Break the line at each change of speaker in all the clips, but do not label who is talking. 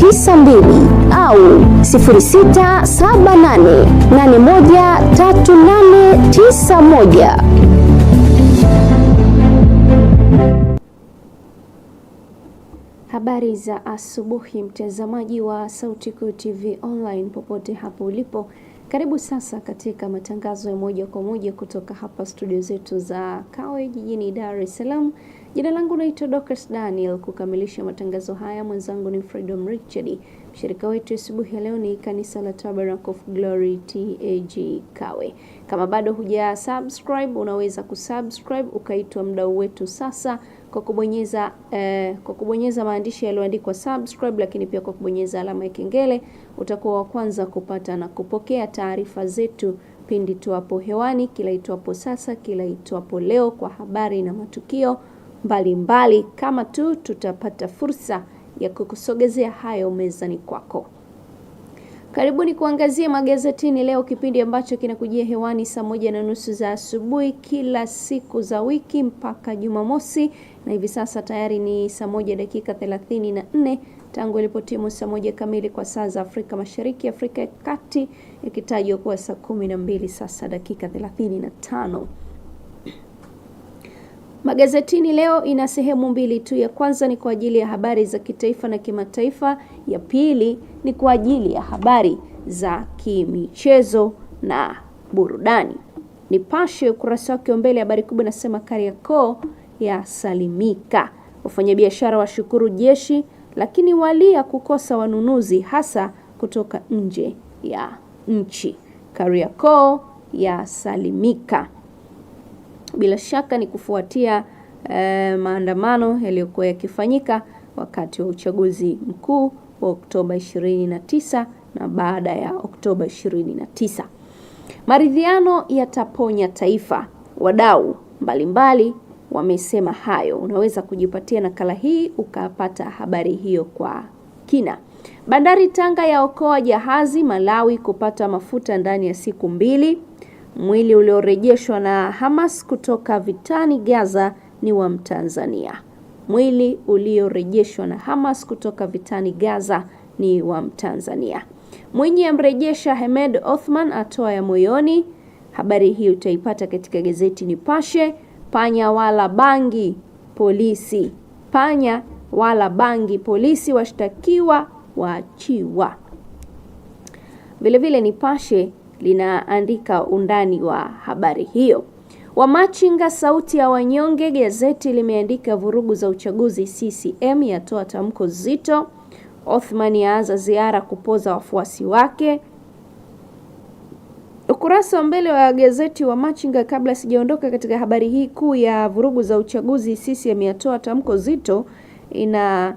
92 au 0678813891.
Habari za asubuhi, mtazamaji wa Sauti Kuu TV online popote hapo ulipo, karibu sasa katika matangazo ya moja kwa moja kutoka hapa studio zetu za Kawe jijini Dar es Salaam. Jina langu naitwa Dorcas Daniel. Kukamilisha matangazo haya, mwenzangu ni Freedom Richard. Mshirika wetu asubuhi ya leo ni kanisa la Tabernacle of Glory TAG Kawe. Kama bado huja subscribe, unaweza kusubscribe ukaitwa mdau wetu sasa kwa kubonyeza eh, kwa kubonyeza maandishi yaliyoandikwa subscribe, lakini pia kwa kubonyeza alama ya kengele utakuwa wa kwanza kupata na kupokea taarifa zetu pindi tuapo hewani, kila itwapo sasa, kila itwapo leo, kwa habari na matukio mbalimbali mbali, kama tu tutapata fursa ya kukusogezea hayo mezani kwako. Karibuni kuangazia magazetini leo, kipindi ambacho kinakujia hewani saa moja na nusu za asubuhi kila siku za wiki mpaka Jumamosi, na hivi sasa tayari ni saa moja dakika thelathini na nne tangu ilipotimu saa moja kamili kwa saa za Afrika Mashariki, Afrika ya Kati ikitajwa kuwa saa kumi na mbili sasa dakika thelathini na tano. Magazetini leo ina sehemu mbili tu. Ya kwanza ni kwa ajili ya habari za kitaifa na kimataifa, ya pili ni kwa ajili ya habari za kimichezo na burudani. Nipashe ukurasa wake wa mbele habari kubwa inasema Kariakoo yasalimika, wafanyabiashara washukuru jeshi, lakini walia kukosa wanunuzi hasa kutoka nje ya nchi. Kariakoo yasalimika. Bila shaka ni kufuatia eh, maandamano yaliyokuwa yakifanyika wakati wa uchaguzi mkuu wa Oktoba 29 na baada ya Oktoba 29. Maridhiano yataponya taifa, wadau mbalimbali wamesema hayo. Unaweza kujipatia nakala hii ukapata habari hiyo kwa kina. Bandari Tanga yaokoa jahazi Malawi kupata mafuta ndani ya siku mbili. Mwili uliorejeshwa na Hamas kutoka vitani Gaza ni wa Mtanzania. Mwili uliorejeshwa na Hamas kutoka vitani Gaza ni wa Mtanzania. Mwinyi amrejesha Hemed Othman atoa ya moyoni. Habari hii utaipata katika gazeti Nipashe. Panya wala bangi polisi, panya wala bangi polisi, washtakiwa waachiwa. Vilevile Nipashe linaandika undani wa habari hiyo. Wamachinga sauti ya wanyonge gazeti limeandika vurugu za uchaguzi, CCM yatoa tamko zito, Othman yaanza ziara kupoza wafuasi wake. Ukurasa wa mbele wa gazeti wa Machinga. Kabla sijaondoka katika habari hii kuu ya vurugu za uchaguzi, CCM yatoa tamko zito, ina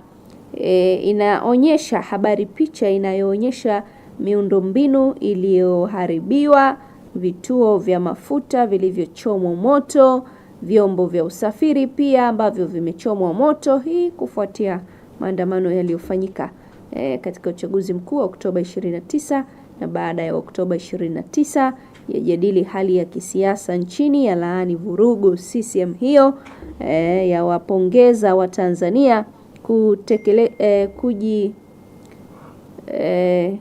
e, inaonyesha habari, picha inayoonyesha miundombinu iliyoharibiwa, vituo vya mafuta vilivyochomwa moto, vyombo vya usafiri pia ambavyo vimechomwa moto, hii kufuatia maandamano yaliyofanyika e, katika uchaguzi mkuu wa Oktoba 29 na baada ya Oktoba 29 yajadili hali ya kisiasa nchini, ya laani vurugu CCM hiyo e, yawapongeza Watanzania kutekele, e, eh, kuji e,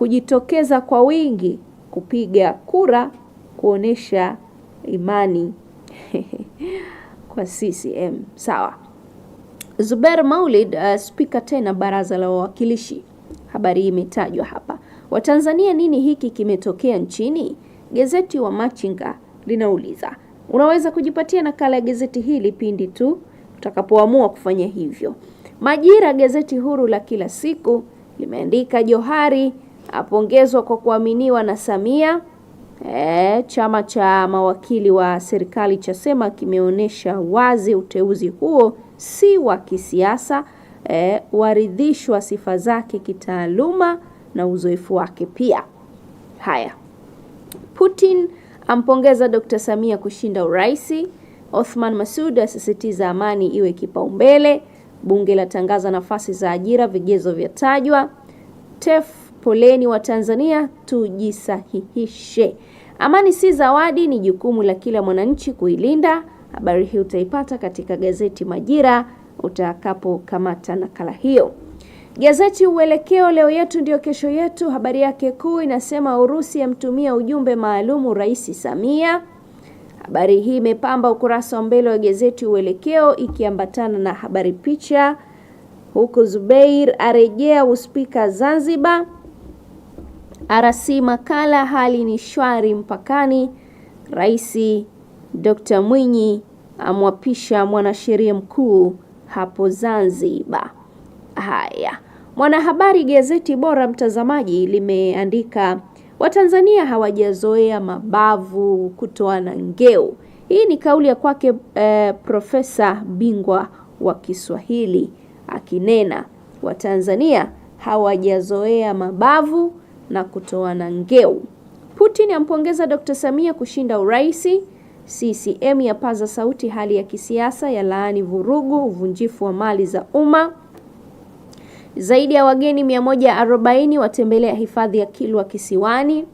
kujitokeza kwa wingi kupiga kura kuonesha imani kwa CCM. Sawa. Zuber Maulid, uh, spika tena baraza la wawakilishi. Habari hii imetajwa hapa. Watanzania, nini hiki kimetokea nchini? Gazeti wa Machinga linauliza. Unaweza kujipatia nakala ya gazeti hili pindi tu utakapoamua kufanya hivyo. Majira, gazeti huru la kila siku, limeandika Johari apongezwa kwa kuaminiwa na Samia. E, chama cha mawakili wa serikali chasema kimeonyesha wazi uteuzi huo si wa kisiasa. E, waridhishwa sifa zake kitaaluma na uzoefu wake pia. Haya, Putin ampongeza Dr. Samia kushinda uraisi. Othman Masud asisitiza amani iwe kipaumbele. Bunge latangaza nafasi za ajira, vigezo vyatajwa. TEF Poleni wa tanzania tujisahihishe. Amani si zawadi, ni jukumu la kila mwananchi kuilinda. Habari hii utaipata katika gazeti Majira utakapokamata nakala hiyo. Gazeti Uelekeo, leo yetu ndio kesho yetu, habari yake kuu inasema Urusi yamtumia ujumbe maalumu Rais Samia. Habari hii imepamba ukurasa wa mbele wa gazeti Uelekeo ikiambatana na habari picha, huku Zubeir arejea uspika Zanzibar. RC makala hali ni shwari mpakani. Rais Dkt. Mwinyi amwapisha mwanasheria mkuu hapo Zanzibar. Haya, Mwanahabari gazeti bora mtazamaji limeandika Watanzania hawajazoea mabavu kutoana ngeu. Hii ni kauli ya kwake eh, profesa bingwa wa Kiswahili akinena Watanzania hawajazoea mabavu na kutoana ngeu. Putin ampongeza Dr. Samia kushinda uraisi. CCM yapaza sauti hali ya kisiasa, ya laani vurugu, uvunjifu wa mali za umma. Zaidi ya wageni 140 watembelea hifadhi ya Kilwa Kisiwani.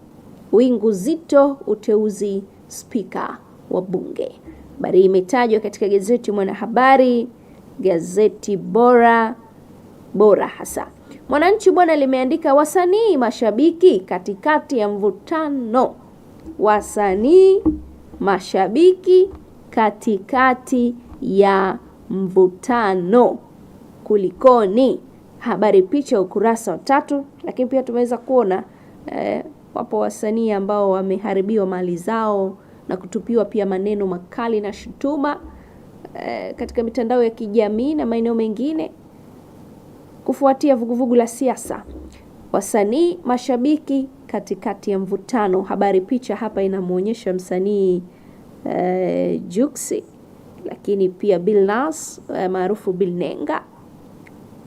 Wingu zito uteuzi spika wa Bunge. Habari imetajwa katika gazeti Mwanahabari, gazeti bora bora hasa. Mwananchi bwana limeandika wasanii mashabiki katikati ya mvutano, wasanii mashabiki katikati ya mvutano, kulikoni? Habari picha ukurasa wa tatu. Lakini pia tumeweza kuona eh, wapo wasanii ambao wameharibiwa mali zao na kutupiwa pia maneno makali na shutuma eh, katika mitandao ya kijamii na maeneo mengine kufuatia vuguvugu la siasa, wasanii, mashabiki katikati ya mvutano. Habari picha hapa inamwonyesha msanii eh, Juksi, lakini pia Bill eh, maarufu Bill Nenga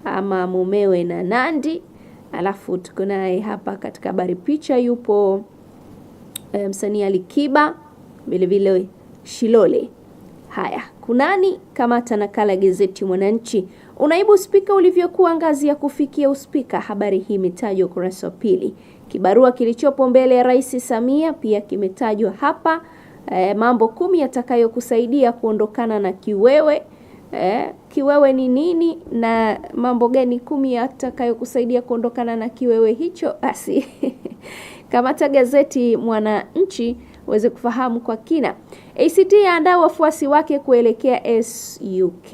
ama mumewe na Nandi. Alafu tuko naye hapa katika habari picha yupo eh, msanii Alikiba vilevile Shilole. Haya, kunani? Kamata nakala gazeti Mwananchi. Unaibu spika ulivyokuwa ngazi ya kufikia uspika, habari hii imetajwa ukurasa wa pili. Kibarua kilichopo mbele ya Rais Samia pia kimetajwa hapa, e, mambo kumi yatakayokusaidia kuondokana na kiwewe. E, kiwewe ni nini na mambo gani kumi yatakayokusaidia kuondokana na kiwewe hicho? Basi kamata gazeti Mwananchi uweze kufahamu kwa kina. ACT yaandaa wafuasi wake kuelekea SUK.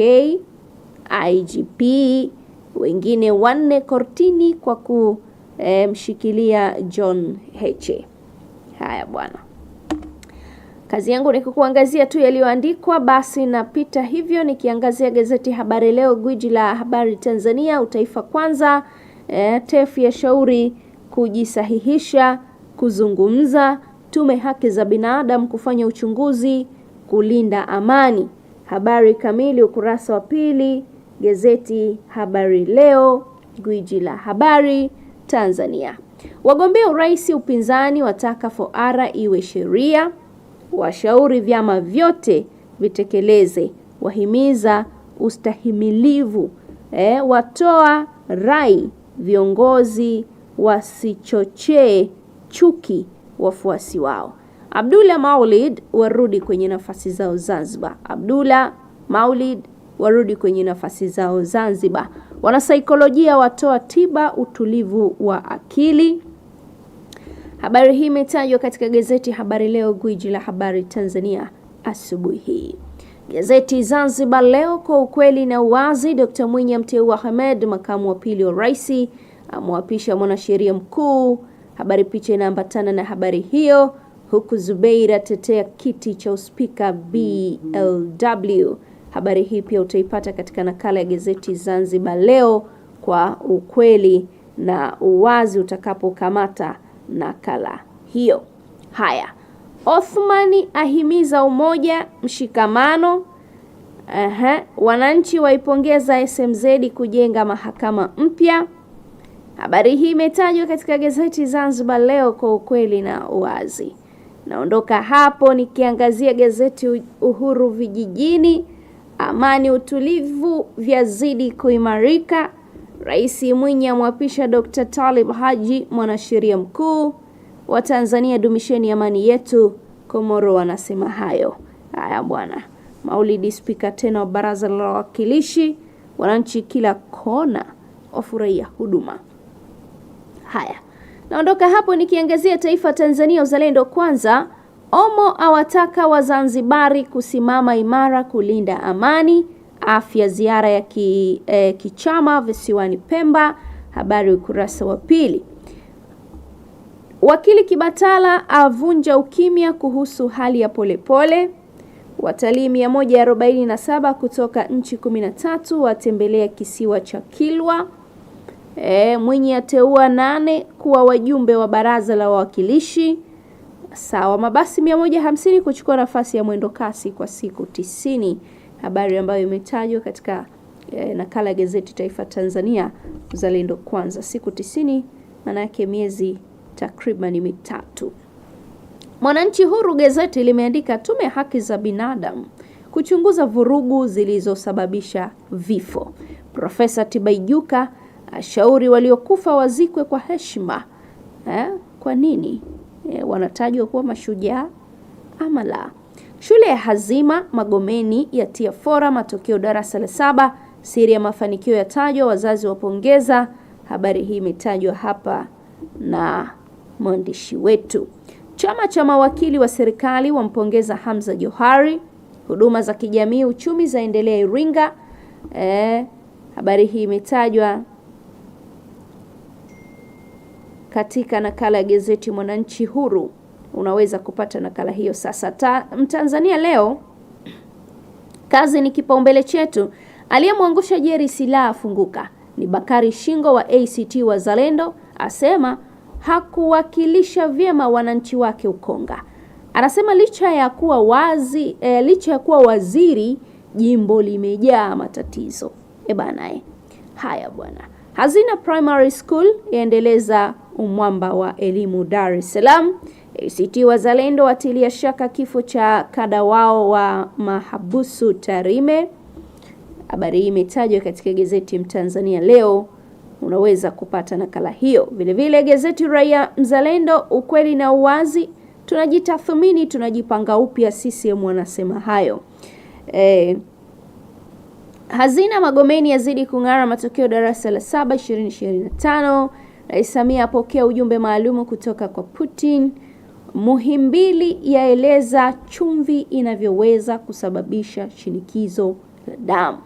IGP wengine wanne kortini kwa kumshikilia eh, John Heche. Haya bwana, kazi yangu ni kukuangazia tu yaliyoandikwa, basi napita hivyo nikiangazia gazeti Habari Leo, gwiji la habari Tanzania, Utaifa Kwanza. E, TEF ya shauri kujisahihisha kuzungumza, tume haki za binadamu kufanya uchunguzi kulinda amani. Habari kamili ukurasa wa pili gazeti Habari Leo, gwiji la habari Tanzania. Wagombea urais upinzani wataka foara iwe sheria, washauri vyama vyote vitekeleze, wahimiza ustahimilivu. eh, watoa rai viongozi wasichochee chuki wafuasi wao. Abdullah Maulid warudi kwenye nafasi zao Zanzibar. Abdullah Maulid warudi kwenye nafasi zao Zanzibar. Wanasaikolojia watoa tiba utulivu wa akili. Habari hii imetajwa katika gazeti Habari Leo, gwiji la habari Tanzania, asubuhi hii. Gazeti Zanzibar Leo, kwa ukweli na uwazi. Dkt Mwinyi amteua Ahmed makamu wa pili wa rais, amwapisha mwanasheria mkuu. Habari picha inaambatana na habari hiyo, huku Zubeir atetea kiti cha uspika BLW. Habari hii pia utaipata katika nakala ya gazeti Zanzibar Leo kwa ukweli na uwazi utakapokamata nakala hiyo. Haya, Othmani ahimiza umoja, mshikamano. Aha, wananchi waipongeza SMZ kujenga mahakama mpya. Habari hii imetajwa katika gazeti Zanzibar Leo kwa ukweli na uwazi. Naondoka hapo nikiangazia gazeti Uhuru Vijijini amani, utulivu vyazidi kuimarika. Rais Mwinyi amwapisha Dr. Talib Haji mwanasheria mkuu wa Tanzania. Dumisheni amani yetu, Komoro wanasema hayo. Haya bwana Maulidi, spika tena wa baraza la wawakilishi. Wananchi kila kona wafurahia huduma. Haya, naondoka hapo nikiangazia Taifa Tanzania, uzalendo kwanza. Omo awataka Wazanzibari kusimama imara kulinda amani. Afya ziara ya ki, eh, kichama visiwani Pemba, habari ukurasa wa pili. Wakili Kibatala avunja ukimya kuhusu hali ya Polepole. Watalii 147 kutoka nchi 13 watembelea kisiwa cha Kilwa. E, Mwinyi ateua nane kuwa wajumbe wa baraza la wawakilishi. Sawa, mabasi 150 kuchukua nafasi ya mwendo kasi kwa siku tisini, habari ambayo imetajwa katika eh, nakala ya gazeti Taifa Tanzania Uzalendo Kwanza. Siku tisini maana yake miezi takriban mitatu. Mwananchi Huru gazeti limeandika tume ya haki za binadamu kuchunguza vurugu zilizosababisha vifo. Profesa Tibaijuka ashauri waliokufa wazikwe kwa heshima. Eh, kwa nini? e, wanatajwa kuwa mashujaa ama la? Shule ya hazima Magomeni yatia fora matokeo darasa la saba. Siri ya mafanikio yatajwa, wazazi wapongeza. Habari hii imetajwa hapa na mwandishi wetu. Chama cha mawakili wa serikali wampongeza Hamza Johari. Huduma za kijamii uchumi zaendelea Iringa. E, habari hii imetajwa katika nakala ya gazeti Mwananchi Huru. Unaweza kupata nakala hiyo sasa. Ta, Mtanzania leo kazi ni kipaumbele chetu. Aliyemwangusha Jerry silaha afunguka, ni Bakari Shingo wa ACT Wazalendo, asema hakuwakilisha vyema wananchi wake Ukonga. Anasema licha ya kuwa wazi, e, licha ya kuwa waziri jimbo limejaa matatizo. E bana, eh. haya bwana. Hazina Primary School yaendeleza umwamba wa elimu Dar es Salaam. ACT Wazalendo watilia shaka kifo cha kada wao wa mahabusu Tarime. Habari hii imetajwa katika gazeti Mtanzania leo, unaweza kupata nakala hiyo. Vilevile gazeti Raia Mzalendo, ukweli na uwazi, tunajitathmini tunajipanga upya, CCM wanasema hayo e. Hazina Magomeni yazidi kung'ara matokeo darasa la saba 2025. Rais Samia apokea ujumbe maalumu kutoka kwa Putin. Muhimbili yaeleza chumvi inavyoweza kusababisha shinikizo la damu.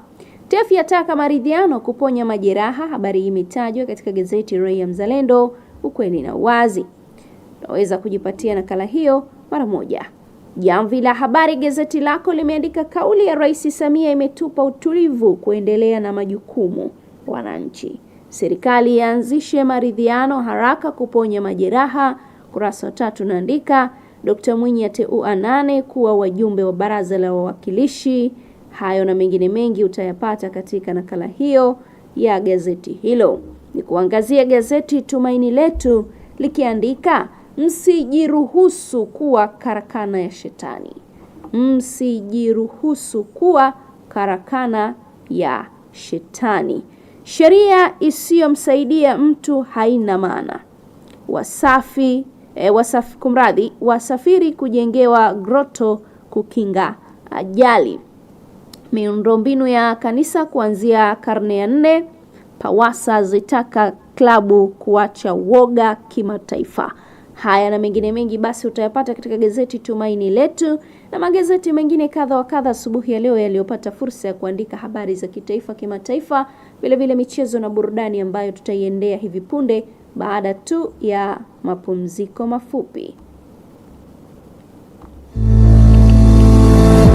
TEF yataka maridhiano kuponya majeraha. Habari hii imetajwa katika gazeti Raia Mzalendo, ukweli na uwazi. Unaweza kujipatia nakala hiyo mara moja. Jamvi la Habari gazeti lako limeandika kauli ya Rais Samia imetupa utulivu kuendelea na majukumu wananchi. Serikali yaanzishe maridhiano haraka kuponya majeraha. Kurasa wa tatu naandika Dkt. Mwinyi ateua nane kuwa wajumbe wa Baraza la Wawakilishi. Hayo na mengine mengi utayapata katika nakala hiyo ya gazeti hilo. Ni kuangazia gazeti Tumaini Letu likiandika msijiruhusu kuwa karakana ya shetani, msijiruhusu kuwa karakana ya shetani. Sheria isiyomsaidia mtu haina maana. Wasafi e, wasafi, kumradhi, wasafiri kujengewa groto kukinga ajali. Miundombinu ya kanisa kuanzia karne ya nne. Pawasa zitaka klabu kuacha woga kimataifa. Haya na mengine mengi basi utayapata katika gazeti Tumaini Letu na magazeti mengine kadha wa kadha asubuhi ya leo yaliyopata fursa ya kuandika habari za kitaifa, kimataifa, vilevile michezo na burudani ambayo tutaiendea hivi punde baada tu ya mapumziko mafupi.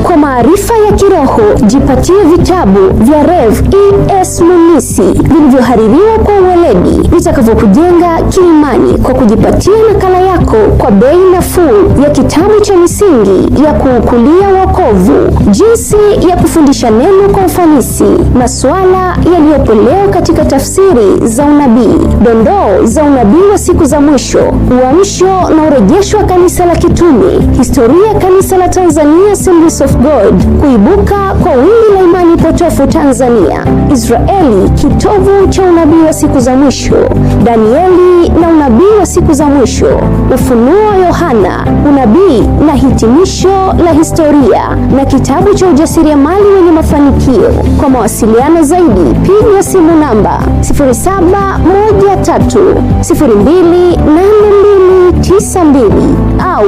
Kwa maarifa ya kiroho jipatie vitabu vya Rev E.S jinsi vilivyohaririwa kwa uweledi vitakavyokujenga kiimani kwa kujipatia nakala yako kwa bei nafuu ya kitabu cha Misingi ya Kuukulia Wokovu, Jinsi ya Kufundisha Neno kwa Ufanisi, Masuala Yaliyopolewa katika Tafsiri za Unabii, Dondoo za Unabii wa Siku za Mwisho, Uamsho na Urejesho wa Kanisa la Kitume, Historia ya Kanisa la Tanzania Assemblies of God, Kuibuka kwa Wingi la Imani Potofu Tanzania, Israeli kitovu cha unabii wa siku za mwisho, Danieli na unabii wa siku za mwisho, Ufunuo Yohana, unabii na hitimisho la historia, na kitabu cha ujasiriamali wenye mafanikio. Kwa mawasiliano zaidi, piga simu namba 0713028292 au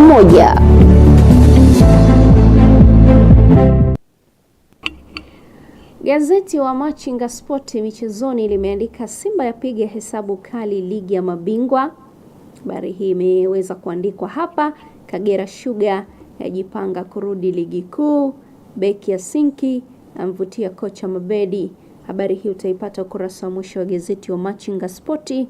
moja.
Gazeti wa Machinga Sport michezoni limeandika Simba yapiga hesabu kali ligi ya mabingwa. Habari hii imeweza kuandikwa hapa. Kagera Sugar yajipanga kurudi ligi kuu. Beki ya Sinki amvutia kocha Mabedi. Habari hii utaipata ukurasa wa mwisho wa gazeti wa Machinga Sport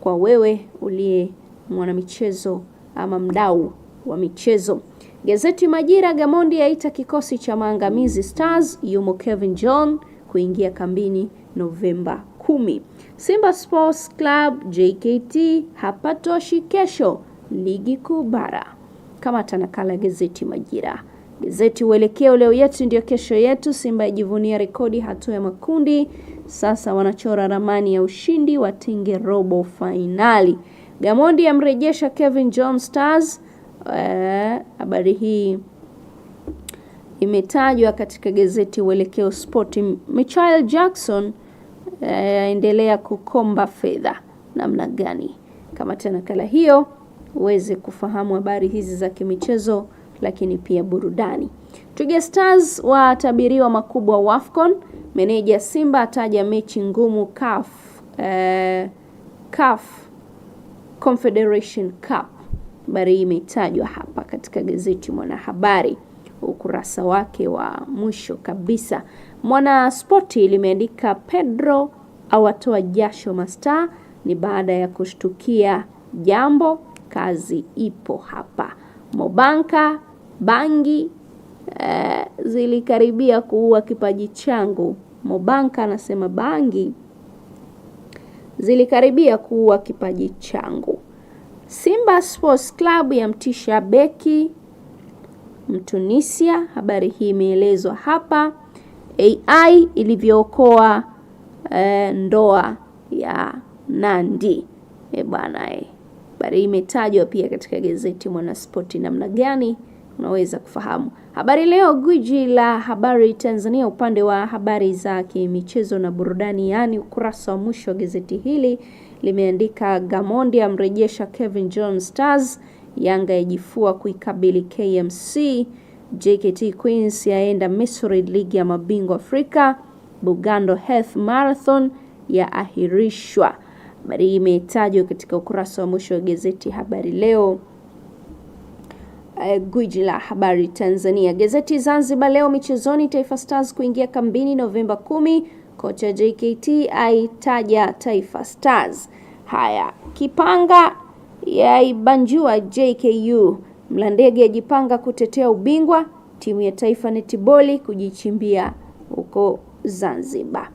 kwa wewe uliye mwanamichezo ama mdau wa michezo. Gazeti Majira, Gamondi yaita kikosi cha maangamizi Stars, yumo Kevin John kuingia kambini Novemba 10. Simba Sports Club JKT hapatoshi kesho ligi kuu bara. tanakala gazeti Majira. Gazeti Uelekeo, leo yetu ndio kesho yetu. Simba yajivunia rekodi hatua ya makundi, sasa wanachora ramani ya ushindi, watinge robo fainali. Gamondi amrejesha Kevin John Stars Eh, habari eh, hii imetajwa katika gazeti Uelekeo Spoti. Michael Jackson eh, aendelea eh, kukomba fedha namna gani? tena kala hiyo uweze kufahamu habari hizi za kimichezo, lakini pia burudani. Twiga Stars watabiriwa makubwa Wafcon. Meneja Simba ataja mechi ngumu CAF, eh, CAF Confederation Cup. Habari hii imetajwa hapa katika gazeti Mwanahabari ukurasa wake wa mwisho kabisa. Mwana Spoti limeandika Pedro awatoa jasho mastaa, ni baada ya kushtukia jambo, kazi ipo hapa. Mobanka bangi eh, zilikaribia kuua kipaji changu. Mobanka anasema bangi zilikaribia kuua kipaji changu. Simba Sports Club yamtisha beki Mtunisia. Habari hii imeelezwa hapa. AI ilivyookoa e, ndoa ya Nandi. E bwana e, habari hii imetajwa pia katika gazeti Mwanaspoti. Namna gani unaweza kufahamu habari leo, gwiji la habari Tanzania, upande wa habari za kimichezo na burudani, yaani ukurasa wa mwisho wa gazeti hili limeandika Gamondi amrejesha Kevin John Stars, Yanga yajifua kuikabili KMC, JKT Queens yaenda Misri ligi ya mabingwa Afrika, Bugando Health Marathon yaahirishwa. Habari hii imetajwa katika ukurasa wa mwisho wa gazeti Habari Leo. Uh, gwiji la habari Tanzania, gazeti Zanzibar Leo michezoni, Taifa Stars kuingia kambini Novemba kumi Kocha JKT aitaja Taifa Stars. Haya, Kipanga yaibanjua JKU. Mlandege ajipanga kutetea ubingwa. Timu ya taifa netiboli kujichimbia huko Zanzibar.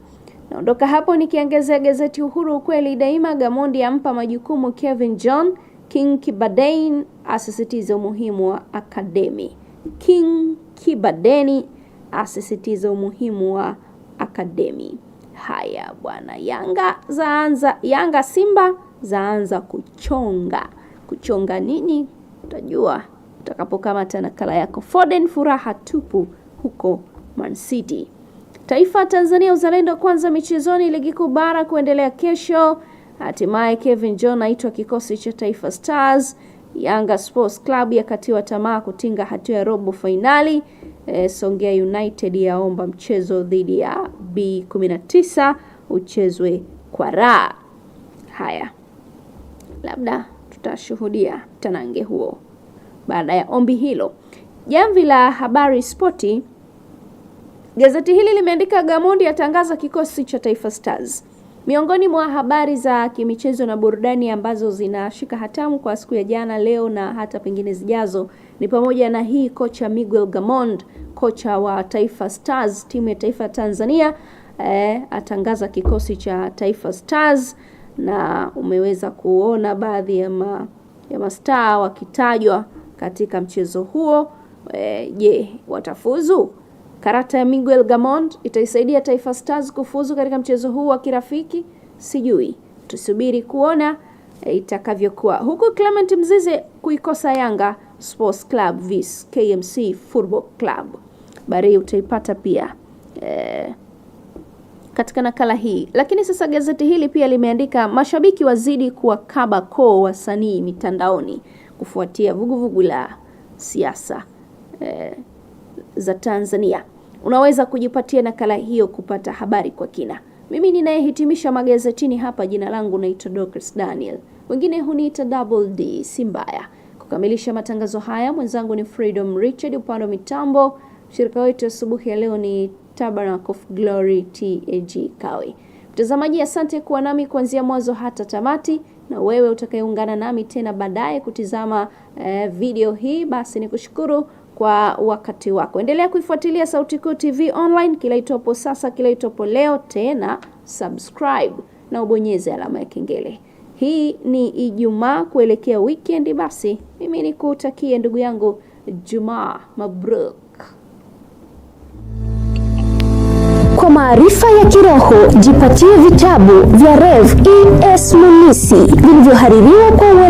Naondoka hapo nikiangazia gazeti Uhuru, ukweli daima. Gamondi ampa majukumu Kevin John. King Kibadeni asisitiza umuhimu wa akademi. King Kibadeni asisitiza umuhimu wa Academy. Haya bwana, Yanga zaanza, Yanga Simba zaanza kuchonga. Kuchonga nini? Utajua utakapokamata nakala yako. Foden furaha tupu huko Man City. Taifa Tanzania, uzalendo kwanza michezoni. Ligi kuu bara kuendelea kesho. Hatimaye Kevin John aitwa kikosi cha Taifa Stars. Yanga Sports Club yakatiwa tamaa kutinga hatua ya robo fainali. Eh, Songea United yaomba mchezo dhidi ya B19 uchezwe kwa raha. Haya, labda tutashuhudia mtanange huo baada ya ombi hilo. Jamvi la habari spoti, gazeti hili limeandika Gamondi atangaza kikosi cha Taifa Stars. Miongoni mwa habari za kimichezo na burudani ambazo zinashika hatamu kwa siku ya jana, leo na hata pengine zijazo ni pamoja na hii kocha Miguel Gamond, kocha wa Taifa Stars, timu ya taifa Tanzania eh, atangaza kikosi cha Taifa Stars, na umeweza kuona baadhi ya ma, ya mastaa wakitajwa katika mchezo huo. Eh, je, eh, watafuzu? Karata ya Miguel Gamond itaisaidia Taifa Stars kufuzu katika mchezo huu wa kirafiki? Sijui, tusubiri kuona eh, itakavyokuwa. Huku Clement Mzize kuikosa Yanga Sports Club vs KMC Football Club. Habari hii utaipata pia e, katika nakala hii. Lakini sasa gazeti hili pia limeandika mashabiki wazidi kuwa kaba koo wasanii mitandaoni kufuatia vuguvugu la siasa e, za Tanzania. Unaweza kujipatia nakala hiyo kupata habari kwa kina. Mimi ninayehitimisha magazetini hapa, jina langu naitwa Dorcas Daniel, wengine huniita Double D, si mbaya. Kukamilisha matangazo haya, mwenzangu ni Freedom Richard, upande wa mitambo shirika wetu asubuhi ya leo ni Tabernacle of Glory TAG Kawe. Mtazamaji, asante kuwa nami kuanzia mwanzo hata tamati, na wewe utakayeungana nami tena baadaye kutizama eh, video hii, basi nikushukuru kwa wakati wako. Endelea kuifuatilia Sauti Kuu TV Online kila itopo sasa, kila itopo leo, tena subscribe na ubonyeze alama ya kengele. Hii ni Ijumaa kuelekea weekend. Basi mimi nikutakie ndugu yangu Jumaa mabruk.
Kwa maarifa ya kiroho jipatie vitabu vya Rev E S Munisi vilivyohaririwa kwa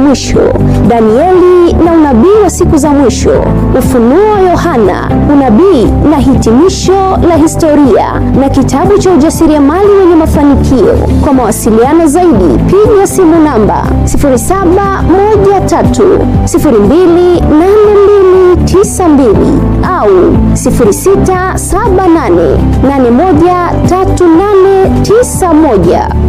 mwisho, Danieli na unabii wa siku za mwisho, Ufunuo Yohana, unabii na hitimisho la historia, na kitabu cha ujasiriamali wenye mafanikio. Kwa mawasiliano zaidi, piga simu namba 0713028292 au moja.